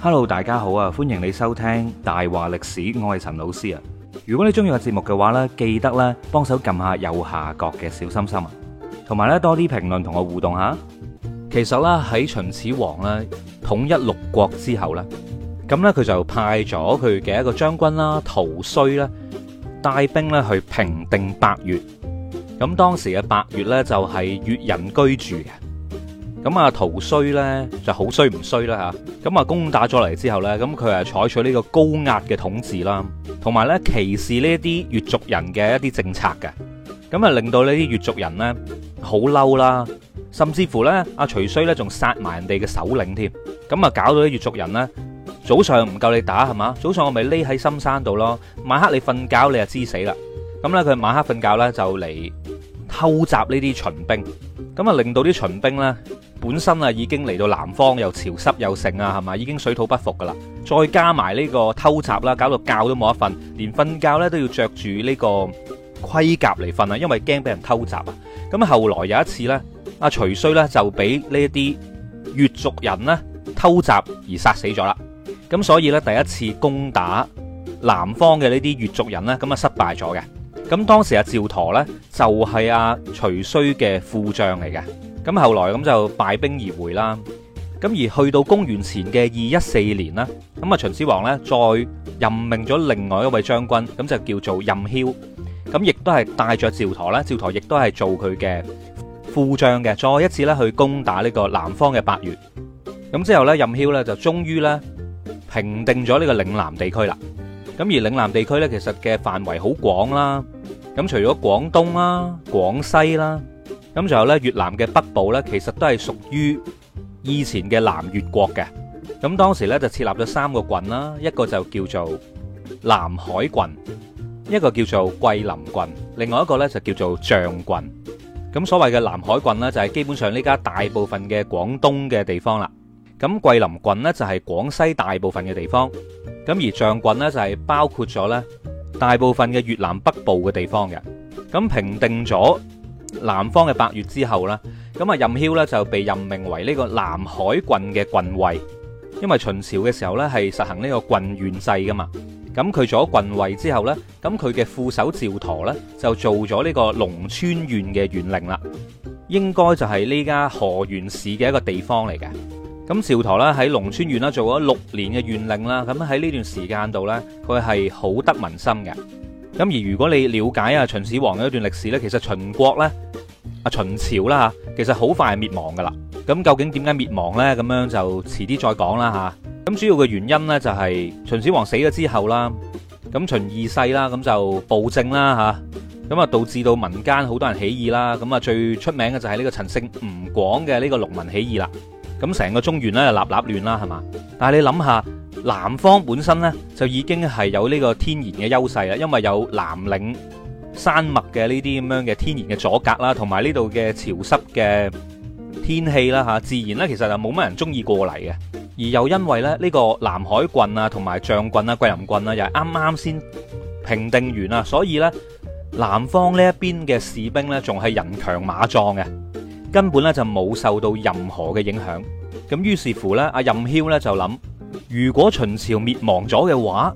Hello，大家好啊！歡迎你收聽大話歷史，我係陳老師啊！如果你中意個節目嘅話呢，記得咧幫手撳下右下角嘅小心心啊，同埋呢多啲評論同我互動下。其實咧喺秦始皇咧統一六國之後呢，咁呢，佢就派咗佢嘅一個將軍啦，屠睢啦，帶兵咧去平定百越。咁當時嘅百越呢，就係、是、越人居住嘅。咁啊，屠睢咧就好衰唔衰啦吓，咁啊，攻打咗嚟之後咧，咁佢啊採取呢個高壓嘅統治啦，同埋咧歧視呢一啲越族人嘅一啲政策嘅，咁啊令到呢啲越族人咧好嬲啦，甚至乎咧、啊、阿屠睢咧仲殺埋人哋嘅首領添，咁啊搞到啲越族人咧早上唔夠你打係嘛？早上我咪匿喺深山度咯，晚黑你瞓覺你就知死啦！咁咧佢晚黑瞓覺咧就嚟偷襲呢啲秦兵，咁啊令到啲秦兵咧～本身啊，已經嚟到南方又潮濕又盛啊，係嘛？已經水土不服噶啦，再加埋呢個偷襲啦，搞到覺都冇得瞓，連瞓覺咧都要着住呢個盔甲嚟瞓啊，因為驚俾人偷襲啊。咁後來有一次呢，阿徐衰呢就俾呢一啲越族人咧偷襲而殺死咗啦。咁所以呢，第一次攻打南方嘅呢啲越族人呢，咁啊失敗咗嘅。咁當時阿趙佗呢，就係阿徐衰嘅副將嚟嘅。咁後來咁就敗兵而回啦。咁而去到公元前嘅二一四年啦，咁啊秦始皇咧再任命咗另外一位將軍，咁就叫做任囂。咁亦都係帶著趙佗啦，趙佗亦都係做佢嘅副將嘅，再一次咧去攻打呢個南方嘅百越。咁之後咧，任囂咧就終於咧平定咗呢個嶺南地區啦。咁而嶺南地區咧其實嘅範圍好廣啦。咁除咗廣東啦、廣西啦。咁，仲有咧越南嘅北部咧，其實都係屬於以前嘅南越國嘅。咁當時咧就設立咗三個郡啦，一個就叫做南海郡，一個叫做桂林郡，另外一個咧就叫做象郡。咁所謂嘅南海郡咧，就係基本上呢家大部分嘅廣東嘅地方啦。咁桂林郡咧就係廣西大部分嘅地方。咁而象郡咧就係包括咗咧大部分嘅越南北部嘅地方嘅。咁平定咗。南方嘅八月之後呢，咁啊任囂呢就被任命為呢個南海郡嘅郡尉，因為秦朝嘅時候呢係實行呢個郡縣制噶嘛，咁佢做咗郡尉之後呢，咁佢嘅副手趙佗呢就做咗呢個龍川縣嘅縣令啦，應該就係呢家河源市嘅一個地方嚟嘅，咁趙佗呢喺龍川縣啦做咗六年嘅縣令啦，咁喺呢段時間度呢，佢係好得民心嘅。咁而如果你了解啊秦始皇嘅一段歷史咧，其實秦國咧啊秦朝啦吓，其實好快滅亡噶啦。咁究竟點解滅亡咧？咁樣就遲啲再講啦吓，咁主要嘅原因咧就係秦始皇死咗之後啦，咁秦二世啦咁就暴政啦吓，咁啊導致到民間好多人起義啦。咁啊最出名嘅就係呢個陳勝吳廣嘅呢個農民起義啦。咁成個中原咧就立立亂啦係嘛？但係你諗下。南方本身呢，就已經係有呢個天然嘅優勢啦，因為有南嶺山脈嘅呢啲咁樣嘅天然嘅阻隔啦，同埋呢度嘅潮濕嘅天氣啦嚇，自然呢，其實就冇乜人中意過嚟嘅。而又因為咧呢個南海郡啊，同埋象郡啊、桂林郡啊又係啱啱先平定完啊，所以呢，南方呢一邊嘅士兵呢，仲係人強馬壯嘅，根本呢就冇受到任何嘅影響。咁於是乎呢，阿任囂呢就諗。如果秦朝滅亡咗嘅話，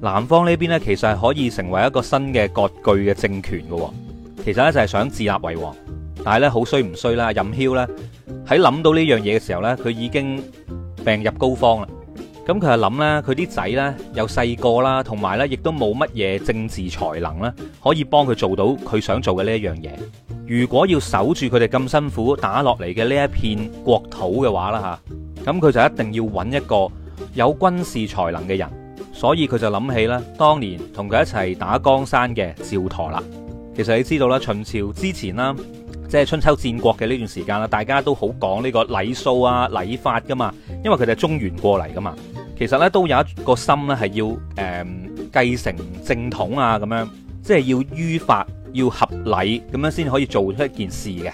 南方呢邊咧其實係可以成為一個新嘅割據嘅政權㗎喎。其實呢，就係想自立為王，但係咧好衰唔衰啦，任囂咧喺諗到呢樣嘢嘅時候呢，佢已經病入膏肓啦。咁佢就諗咧，佢啲仔呢，又細個啦，同埋呢，亦都冇乜嘢政治才能啦，可以幫佢做到佢想做嘅呢一樣嘢。如果要守住佢哋咁辛苦打落嚟嘅呢一片國土嘅話啦吓，咁佢就一定要揾一個。有軍事才能嘅人，所以佢就諗起啦，當年同佢一齊打江山嘅趙佗啦。其實你知道啦，秦朝之前啦，即係春秋戰國嘅呢段時間啦，大家都好講呢個禮數啊、禮法噶嘛，因為佢哋係中原過嚟噶嘛。其實呢，都有一個心咧，係要誒繼承正統啊，咁樣即係要於法，要合理，咁樣先可以做出一件事嘅。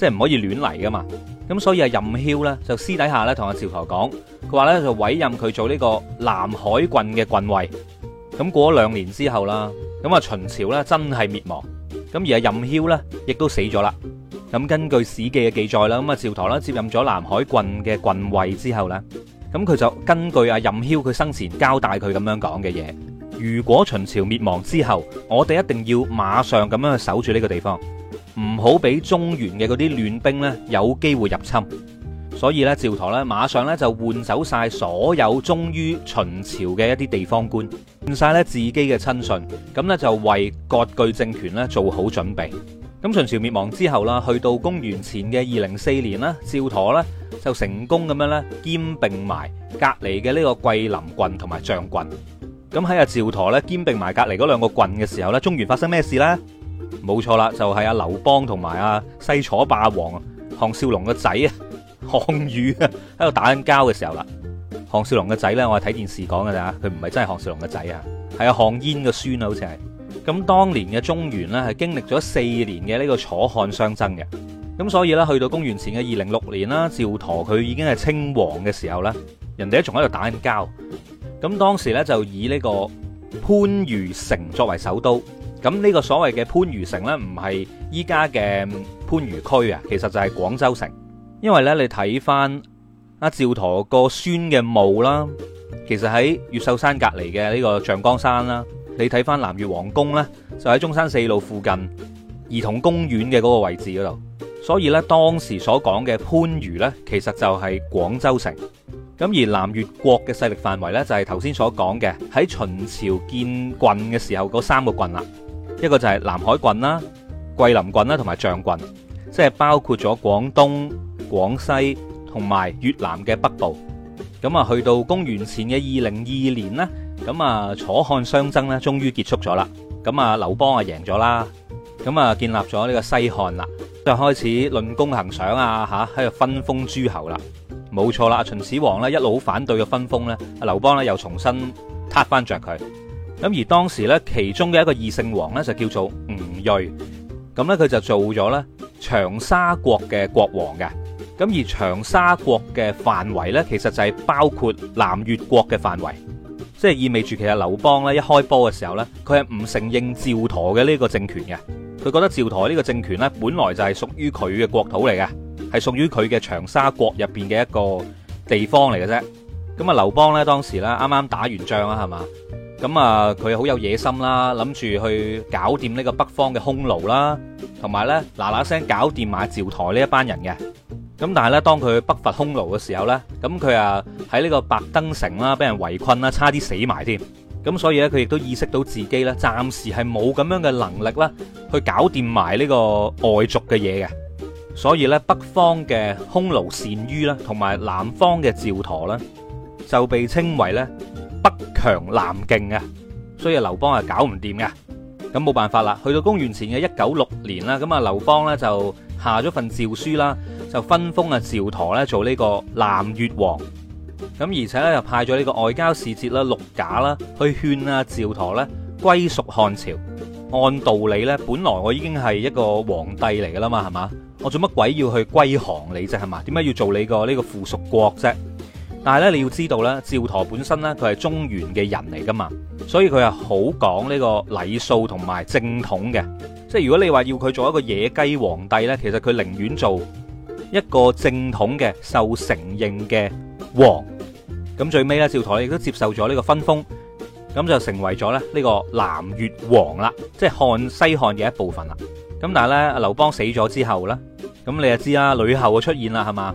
即係唔可以亂嚟噶嘛，咁所以阿任囂咧就私底下咧同阿趙佗講，佢話咧就委任佢做呢個南海郡嘅郡尉。咁過咗兩年之後啦，咁啊秦朝咧真係滅亡，咁而阿任囂咧亦都死咗啦。咁根據史記嘅記載啦，咁啊趙佗咧接任咗南海郡嘅郡尉之後咧，咁佢就根據阿任囂佢生前交代佢咁樣講嘅嘢，如果秦朝滅亡之後，我哋一定要馬上咁樣去守住呢個地方。唔好俾中原嘅嗰啲亂兵呢有機會入侵，所以咧趙佗呢馬上咧就換走晒所有忠於秦朝嘅一啲地方官，換晒咧自己嘅親信，咁呢就為割據政權呢做好準備。咁秦朝滅亡之後啦，去到公元前嘅二零四年啦，趙佗呢就成功咁樣咧兼併埋隔籬嘅呢個桂林郡同埋象郡。咁喺阿趙佗呢兼併埋隔籬嗰兩個郡嘅時候呢，中原發生咩事呢？冇錯啦，就係阿劉邦同埋阿西楚霸王項少龍個仔啊，項羽啊喺度打緊交嘅時候啦。項少龍個仔咧，我係睇電視講噶咋，佢唔係真係項少龍個仔啊，係阿項燕嘅孫啊，好似係。咁當年嘅中原呢，係經歷咗四年嘅呢個楚漢相爭嘅。咁所以呢，去到公元前嘅二零六年啦，趙佗佢已經係稱王嘅時候呢，人哋都仲喺度打緊交。咁當時呢，就以呢個番禺城作為首都。咁呢個所謂嘅番禺城呢，唔係依家嘅番禺區啊，其實就係廣州城。因為呢，你睇翻阿趙佗個孫嘅墓啦，其實喺越秀山隔離嘅呢個象崗山啦。你睇翻南越王宮呢，就喺中山四路附近兒童公園嘅嗰個位置嗰度。所以呢，當時所講嘅番禺呢，其實就係廣州城。咁而南越國嘅勢力範圍呢，就係頭先所講嘅喺秦朝建郡嘅時候嗰三個郡啦。一個就係南海郡啦、桂林郡啦同埋象郡，即係包括咗廣東、廣西同埋越南嘅北部。咁啊，去到公元前嘅二零二年啦，咁啊，楚漢相爭呢，終於結束咗啦。咁啊，劉邦啊贏咗啦，咁啊，建立咗呢個西漢啦，就係開始論功行賞啊，吓，喺度分封諸侯啦。冇錯啦，秦始皇呢，一路反對嘅分封咧，劉邦呢，又重新撻翻着佢。咁而當時咧，其中嘅一個異姓王咧，就叫做吳芮。咁咧，佢就做咗咧長沙國嘅國王嘅。咁而長沙國嘅範圍咧，其實就係包括南越國嘅範圍，即係意味住其實劉邦咧一開波嘅時候咧，佢係唔承認趙佗嘅呢個政權嘅。佢覺得趙佗呢個政權咧，本來就係屬於佢嘅國土嚟嘅，係屬於佢嘅長沙國入邊嘅一個地方嚟嘅啫。咁啊，劉邦咧當時咧啱啱打完仗啊，係嘛？咁啊，佢好有野心啦，諗住去搞掂呢個北方嘅匈奴啦，同埋咧嗱嗱聲搞掂埋趙佗呢一班人嘅。咁但係咧，當佢北伐匈奴嘅時候咧，咁佢啊喺呢個白登城啦，俾人圍困啦，差啲死埋添。咁所以咧，佢亦都意識到自己咧，暫時係冇咁樣嘅能力啦，去搞掂埋呢個外族嘅嘢嘅。所以咧，北方嘅匈奴單于啦，同埋南方嘅趙佗啦，就被稱為咧。北強南勁嘅，所以劉邦係搞唔掂嘅，咁冇辦法啦。去到公元前嘅一九六年啦，咁啊劉邦呢，就下咗份詔書啦，就分封啊趙佗呢做呢個南越王，咁而且咧又派咗呢個外交使節啦陸賈啦去勸啊趙佗呢歸屬漢朝。按道理呢，本來我已經係一個皇帝嚟噶啦嘛，係嘛？我做乜鬼要去歸降你啫？係嘛？點解要做你個呢個附屬國啫？但係咧，你要知道咧，趙佗本身咧，佢係中原嘅人嚟噶嘛，所以佢係好講呢個禮數同埋正統嘅。即係如果你話要佢做一個野雞皇帝咧，其實佢寧願做一個正統嘅受承認嘅王。咁最尾咧，趙佗亦都接受咗呢個分封，咁就成為咗咧呢個南越王啦，即係漢西漢嘅一部分啦。咁但係咧，劉邦死咗之後咧，咁你就知啦，呂后嘅出現啦，係嘛？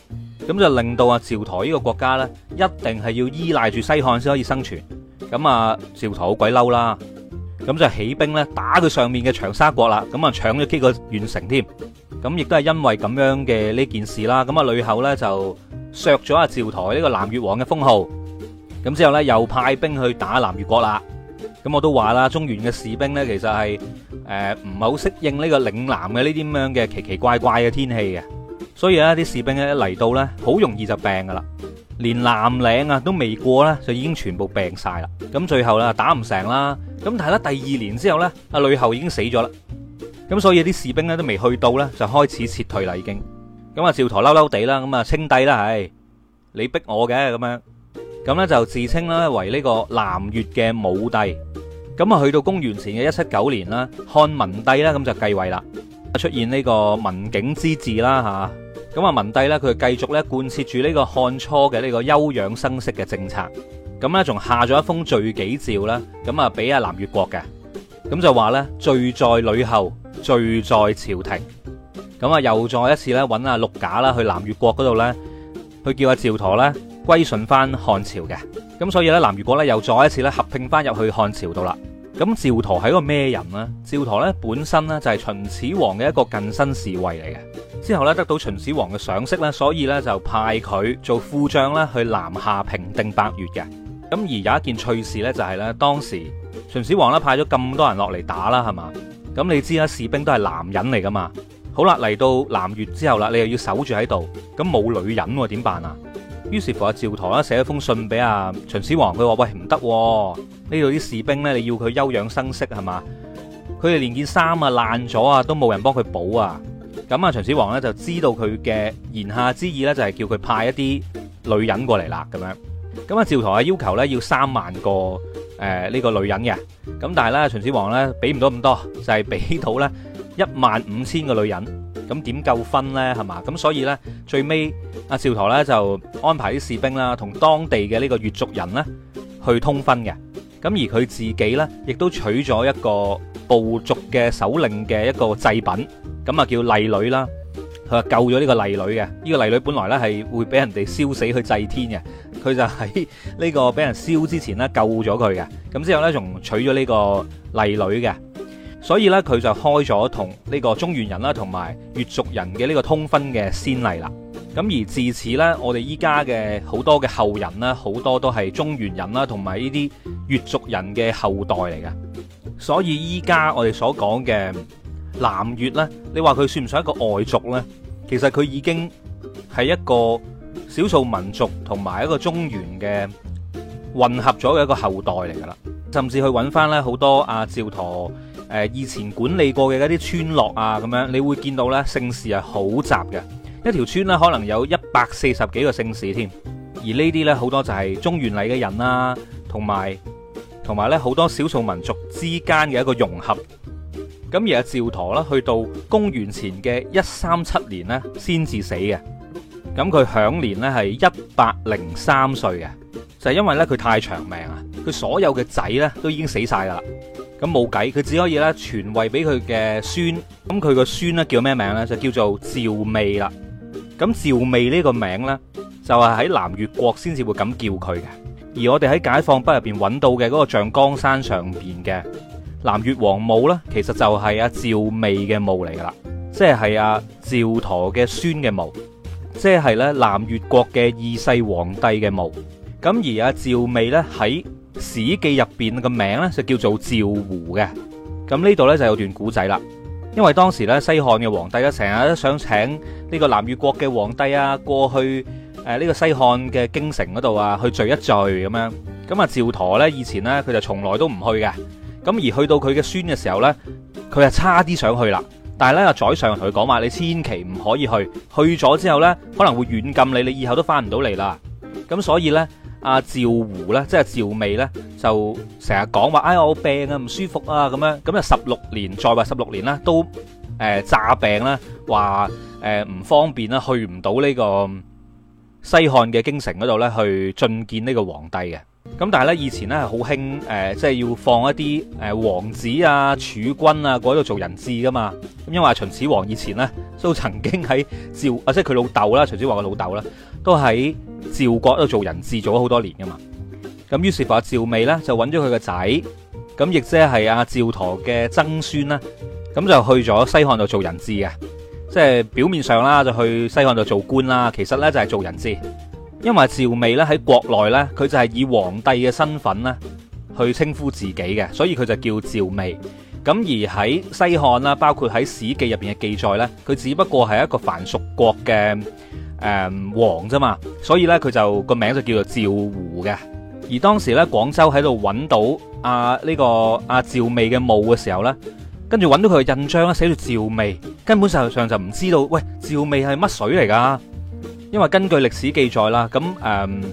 咁就令到阿趙佗呢個國家呢，一定係要依賴住西漢先可以生存。咁啊，趙佗好鬼嬲啦，咁就起兵咧，打佢上面嘅長沙國啦。咁啊，搶咗幾個縣城添。咁亦都係因為咁樣嘅呢件事啦。咁啊，呂后呢，就削咗阿趙佗呢個南越王嘅封號。咁之後呢，又派兵去打南越國啦。咁我都話啦，中原嘅士兵呢，其實係誒唔係好適應呢個嶺南嘅呢啲咁樣嘅奇奇怪怪嘅天氣嘅。所以咧，啲士兵咧一嚟到咧，好容易就病噶啦，連南嶺啊都未過咧，就已經全部病晒啦。咁最後啦，打唔成啦。咁但係咧，第二年之後咧，阿呂后已經死咗啦。咁所以啲士兵咧都未去到咧，就開始撤退啦。已經咁啊，趙佗嬲嬲地啦，咁啊稱帝啦，係，你逼我嘅咁樣，咁咧就自稱啦為呢個南越嘅武帝。咁啊，去到公元前嘅一七九年啦，漢文帝啦咁就繼位啦，出現呢個文景之治啦吓。咁啊，文帝咧，佢繼續咧貫徹住呢個漢初嘅呢個休養生息嘅政策。咁咧，仲下咗一封罪己詔啦。咁啊，俾阿南越國嘅。咁就話咧，罪在呂后，罪在朝廷。咁啊，又再一次咧，揾阿陸賈啦去南越國嗰度咧，去叫阿趙佗咧歸順翻漢朝嘅。咁所以咧，南越國咧又再一次咧合併翻入去漢朝度啦。咁趙佗係一個咩人呢？趙佗咧本身咧就係秦始皇嘅一個近身侍衛嚟嘅，之後咧得到秦始皇嘅賞識咧，所以咧就派佢做副將咧去南下平定百越嘅。咁而有一件趣事咧、就係，就係咧當時秦始皇咧派咗咁多人落嚟打啦，係嘛？咁你知啦，士兵都係男人嚟噶嘛？好啦，嚟到南越之後啦，你又要守住喺度，咁冇女人喎，點辦啊？於是乎阿趙佗咧寫咗封信俾阿秦始皇，佢話：喂，唔得、啊。呢度啲士兵呢，你要佢休養生息，係嘛？佢哋連件衫啊爛咗啊，都冇人幫佢補啊。咁啊，秦始皇呢就知道佢嘅言下之意呢，就係叫佢派一啲女人過嚟啦。咁樣咁啊，趙佗啊要求呢要三萬個誒呢個女人嘅。咁但係呢，秦始皇呢俾唔到咁多，就係俾到呢一萬五千個女人。咁點夠分呢？係嘛？咁所以呢，最尾阿趙佗呢就安排啲士兵啦，同當地嘅呢個越族人呢去通婚嘅。咁而佢自己呢，亦都娶咗一個部族嘅首領嘅一個祭品，咁啊叫麗女啦。佢話救咗呢個麗女嘅，呢、這個麗女本來呢係會俾人哋燒死去祭天嘅。佢就喺呢個俾人燒之前咧救咗佢嘅。咁之後呢，仲娶咗呢個麗女嘅，所以呢，佢就開咗同呢個中原人啦，同埋越族人嘅呢個通婚嘅先例啦。咁而自此呢，我哋依家嘅好多嘅後人呢，好多都係中原人啦，同埋呢啲越族人嘅後代嚟嘅。所以依家我哋所講嘅南越呢，你話佢算唔算一個外族呢？其實佢已經係一個少數民族同埋一個中原嘅混合咗嘅一個後代嚟噶啦。甚至去揾翻呢，好多阿趙佗誒，以前管理過嘅一啲村落啊，咁樣你會見到呢，姓氏係好雜嘅。一條村咧，可能有一百四十幾個姓氏添，而呢啲咧好多就係中原嚟嘅人啦，同埋同埋咧好多少數民族之間嘅一個融合。咁而阿趙佗啦，去到公元前嘅一三七年咧，先至死嘅。咁佢享年咧係一百零三歲嘅，就係、是、因為咧佢太長命啊，佢所有嘅仔咧都已經死晒噶啦，咁冇計，佢只可以咧傳位俾佢嘅孫。咁佢個孫咧叫咩名呢？就叫做趙眜啦。咁趙薇呢個名呢，就係、是、喺南越國先至會咁叫佢嘅。而我哋喺解放北入邊揾到嘅嗰個象江山上邊嘅南越王墓呢，其實就係阿、啊、趙薇嘅墓嚟噶啦，即係阿、啊、趙佗嘅孫嘅墓，即係呢、啊、南越國嘅二世皇帝嘅墓。咁而阿、啊、趙薇呢，喺史記入邊個名呢，就叫做趙胡嘅。咁呢度呢，就有段古仔啦。因為當時咧，西漢嘅皇帝咧，成日都想請呢個南越國嘅皇帝啊，過去誒呢個西漢嘅京城嗰度啊，去聚一聚咁樣，咁啊趙佗呢，以前呢，佢就從來都唔去嘅。咁而去到佢嘅孫嘅時候呢，佢就差啲想去啦，但係呢，又宰相同佢講話，你千祈唔可以去，去咗之後呢，可能會軟禁你，你以後都翻唔到嚟啦，咁所以呢。阿、啊、趙胡咧，即係趙眜咧，就成日講話，哎呀，我病啊，唔舒服啊，咁樣，咁啊，十六年再話十六年啦，都誒詐、呃、病啦。話誒唔方便啦，去唔到呢個西漢嘅京城嗰度咧，去進見呢個皇帝嘅。咁但係咧，以前咧係好興誒，即係要放一啲誒王子啊、儲君啊，嗰度做人質噶嘛。因為秦始皇以前咧，都曾經喺趙，啊，即係佢老豆啦，秦始皇嘅老豆啦，都喺，趙國都做人質咗好多年噶嘛，咁於是話趙薇呢，就揾咗佢個仔，咁亦即係阿趙佗嘅曾孫啦，咁就去咗西漢度做人質嘅，即係表面上啦就去西漢度做官啦，其實呢，就係做人質，因為趙薇呢，喺國內呢，佢就係以皇帝嘅身份呢，去稱呼自己嘅，所以佢就叫趙薇。咁而喺西漢啦，包括喺《史記》入邊嘅記載咧，佢只不過係一個藩屬國嘅誒王啫嘛，所以咧佢就個名就叫做趙胡嘅。而當時咧廣州喺度揾到阿呢個阿趙昧嘅墓嘅時候咧，跟住揾到佢嘅印章咧，寫住趙昧，根本事實上就唔知道喂趙昧係乜水嚟噶。因為根據歷史記載啦，咁誒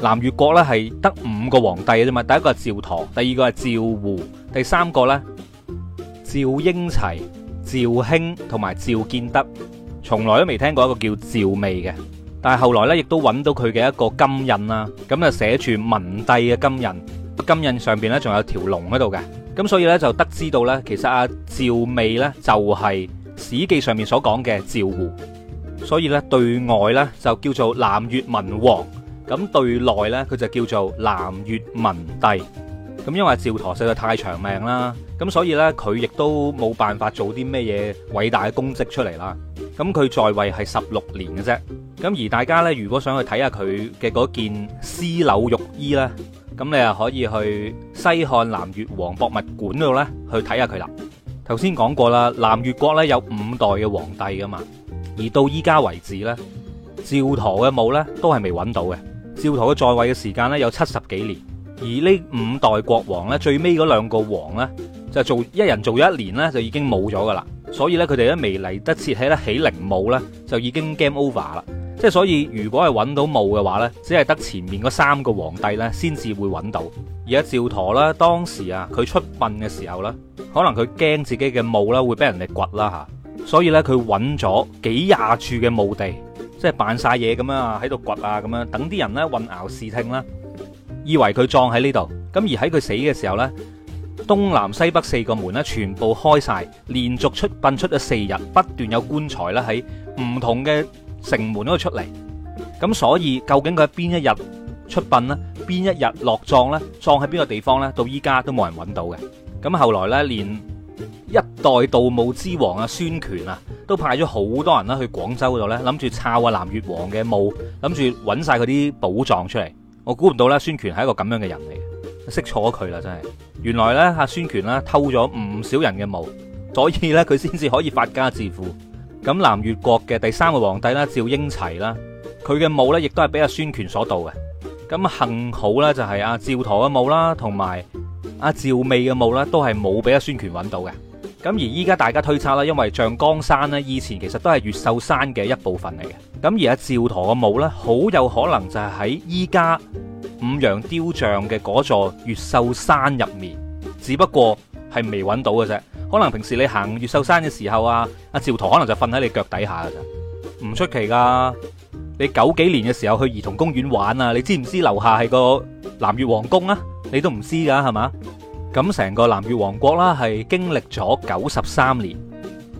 南越國咧係得五個皇帝嘅啫嘛，第一個係趙佗，第二個係趙胡，第三個咧。趙英齊、趙興同埋趙建德，從來都未聽過一個叫趙昧嘅，但係後來咧，亦都揾到佢嘅一個金印啦，咁啊寫住文帝嘅金印，金印上邊咧仲有條龍喺度嘅，咁所以咧就得知到咧，其實阿趙昧咧就係《史記》上面所講嘅趙胡，所以咧對外咧就叫做南越文王，咁對內咧佢就叫做南越文帝。咁因為趙佗實在太長命啦，咁所以呢，佢亦都冇辦法做啲咩嘢偉大嘅功績出嚟啦。咁佢在位係十六年嘅啫。咁而大家呢，如果想去睇下佢嘅嗰件絲縷玉衣呢，咁你啊可以去西漢南越王博物館度呢去睇下佢啦。頭先講過啦，南越國呢有五代嘅皇帝噶嘛，而到依家為止呢，趙佗嘅墓呢都係未揾到嘅。趙佗嘅在位嘅時間呢，有七十幾年。而呢五代國王呢，最尾嗰兩個王呢，就做一人做咗一年呢，就已經冇咗噶啦。所以呢，佢哋都未嚟得切喺得起陵墓呢，就已經 game over 啦。即係所以，如果係揾到墓嘅話呢，只係得前面嗰三個皇帝呢先至會揾到。而家趙佗呢，當時啊，佢出殯嘅時候呢，可能佢驚自己嘅墓呢會俾人哋掘啦吓，所以呢，佢揾咗幾廿處嘅墓地，即係扮晒嘢咁樣啊，喺度掘啊，咁樣等啲人呢混淆視聽啦。以為佢葬喺呢度，咁而喺佢死嘅時候呢，東南西北四個門咧全部開晒，連續出殯出咗四日，不斷有棺材咧喺唔同嘅城門嗰度出嚟。咁、嗯、所以究竟佢喺邊一日出殯呢？邊一日落葬呢？葬喺邊個地方呢？到依家都冇人揾到嘅。咁、嗯、後來呢，連一代盜墓之王阿孫權啊，都派咗好多人啦去廣州嗰度呢，諗住抄下南越王嘅墓，諗住揾晒佢啲寶藏出嚟。我估唔到啦，孫權係一個咁樣嘅人嚟嘅，識錯咗佢啦，真係。原來咧，阿孫權啦偷咗唔少人嘅墓，所以咧佢先至可以發家致富。咁南越國嘅第三個皇帝啦，趙英齊啦，佢嘅墓咧亦都係俾阿孫權所盜嘅。咁幸好咧就係阿趙佗嘅墓啦，同埋阿趙媚嘅墓啦，都係冇俾阿孫權揾到嘅。咁而依家大家推測啦，因為象崗山咧以前其實都係越秀山嘅一部分嚟嘅。咁而阿趙佗嘅墓咧，好有可能就係喺依家五羊雕像嘅嗰座越秀山入面，只不過係未揾到嘅啫。可能平時你行越秀山嘅時候啊，阿趙佗可能就瞓喺你腳底下嘅咋，唔出奇噶。你九幾年嘅時候去兒童公園玩啊，你知唔知樓下係個南越皇宮啊？你都唔知㗎係嘛？咁成個南越王國啦，係經歷咗九十三年。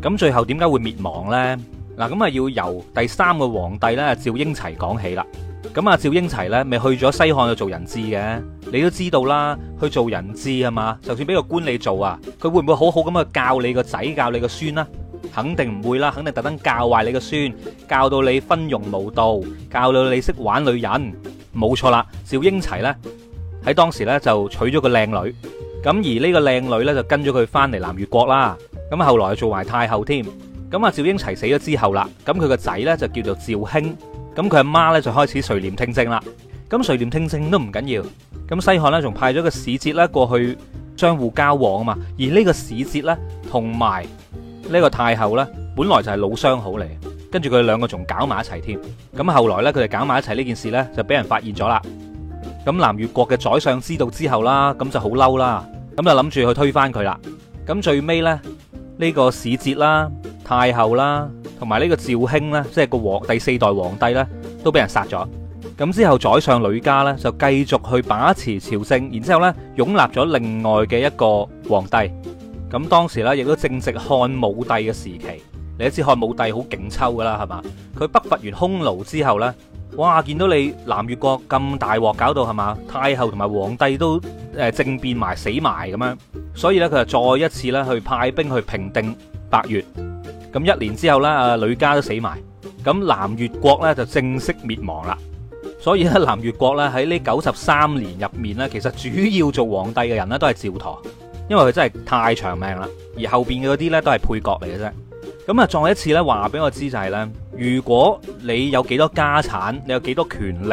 咁最後點解會滅亡呢？嗱，咁啊，要由第三個皇帝咧，趙英齊講起啦。咁啊，趙英齊呢，咪去咗西漢去做人質嘅。你都知道啦，去做人質啊嘛，就算俾個官你做啊，佢會唔會好好咁去教你個仔，教你個孫呢？肯定唔會啦，肯定特登教壞你個孫，教到你昏庸無道，教到你識玩女人，冇錯啦。趙英齊呢，喺當時呢，就娶咗個靚女。咁而呢個靚女咧就跟咗佢翻嚟南越國啦，咁後來又做埋太后添。咁阿趙英齊死咗之後啦，咁佢個仔咧就叫做趙興，咁佢阿媽咧就開始垂簾聽政啦。咁垂簾聽政都唔緊要，咁西漢咧仲派咗個使節咧過去相互交往啊嘛。而呢個使節咧同埋呢個太后咧本來就係老相好嚟，跟住佢兩個仲搞埋一齊添。咁後來咧佢哋搞埋一齊呢件事咧就俾人發現咗啦。咁南越國嘅宰相知道之後啦，咁就好嬲啦。咁就諗住去推翻佢啦。咁最尾呢，呢個使節啦、太后啦，同埋呢個趙興咧，即係個皇第四代皇帝咧，都俾人殺咗。咁之後宰相呂嘉呢，就繼續去把持朝政，然之後咧，擁立咗另外嘅一個皇帝。咁當時呢，亦都正值漢武帝嘅時期。你都知漢武帝好勁抽噶啦，係嘛？佢北伐完匈奴之後呢，哇！見到你南越國咁大鑊搞到係嘛？太后同埋皇帝都。誒，政變埋死埋咁樣，所以咧佢就再一次咧去派兵去平定百越。咁一年之後咧，阿呂嘉都死埋，咁南越國咧就正式滅亡啦。所以咧南越國咧喺呢九十三年入面咧，其實主要做皇帝嘅人咧都係趙佗，因為佢真係太長命啦。而後邊嗰啲咧都係配角嚟嘅啫。咁啊，再一次咧話俾我知就係咧，如果你有幾多家產，你有幾多權力，.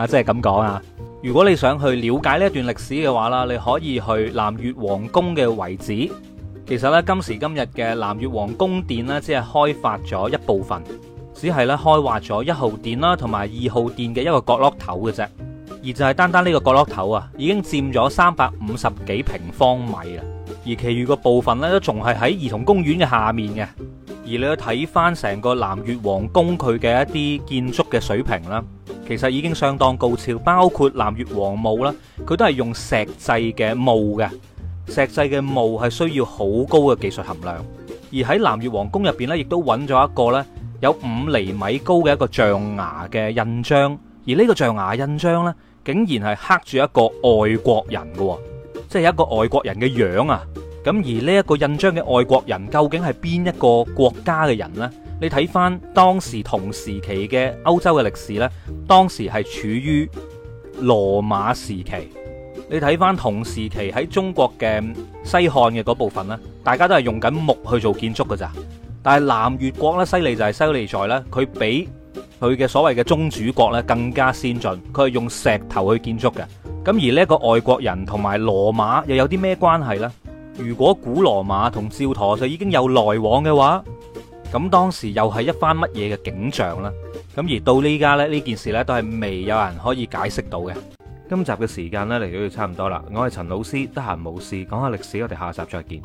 啊，即係咁講啊！如果你想去了解呢一段歷史嘅話啦，你可以去南越皇宮嘅遺址。其實咧，今時今日嘅南越皇宮殿咧，只係開發咗一部分，只係咧開發咗一號殿啦，同埋二號殿嘅一個角落頭嘅啫。而就係單單呢個角落頭啊，已經佔咗三百五十幾平方米啦。而其餘個部分咧，都仲係喺兒童公園嘅下面嘅。而你去睇翻成個南越皇宮佢嘅一啲建築嘅水平啦。其實已經相當高超，包括南越王墓啦，佢都係用石製嘅墓嘅，石製嘅墓係需要好高嘅技術含量。而喺南越王宮入邊咧，亦都揾咗一個咧有五厘米高嘅一個象牙嘅印章，而呢個象牙印章咧，竟然係刻住一個外國人嘅喎，即係一個外國人嘅樣啊！咁而呢一個印章嘅外國人究竟係邊一個國家嘅人呢？你睇翻當時同時期嘅歐洲嘅歷史呢，當時係處於羅馬時期。你睇翻同時期喺中國嘅西漢嘅嗰部分呢，大家都係用緊木去做建築嘅咋。但係南越國呢，犀利就係犀利在呢，佢比佢嘅所謂嘅宗主國呢更加先進，佢係用石頭去建築嘅。咁而呢一個外國人同埋羅馬又有啲咩關係呢？如果古羅馬同趙佗就已經有來往嘅話，咁當時又係一番乜嘢嘅景象咧？咁而到呢家呢呢件事呢，都係未有人可以解釋到嘅。今集嘅時間呢，嚟到差唔多啦。我係陳老師，得閒冇事講下歷史，我哋下集再見。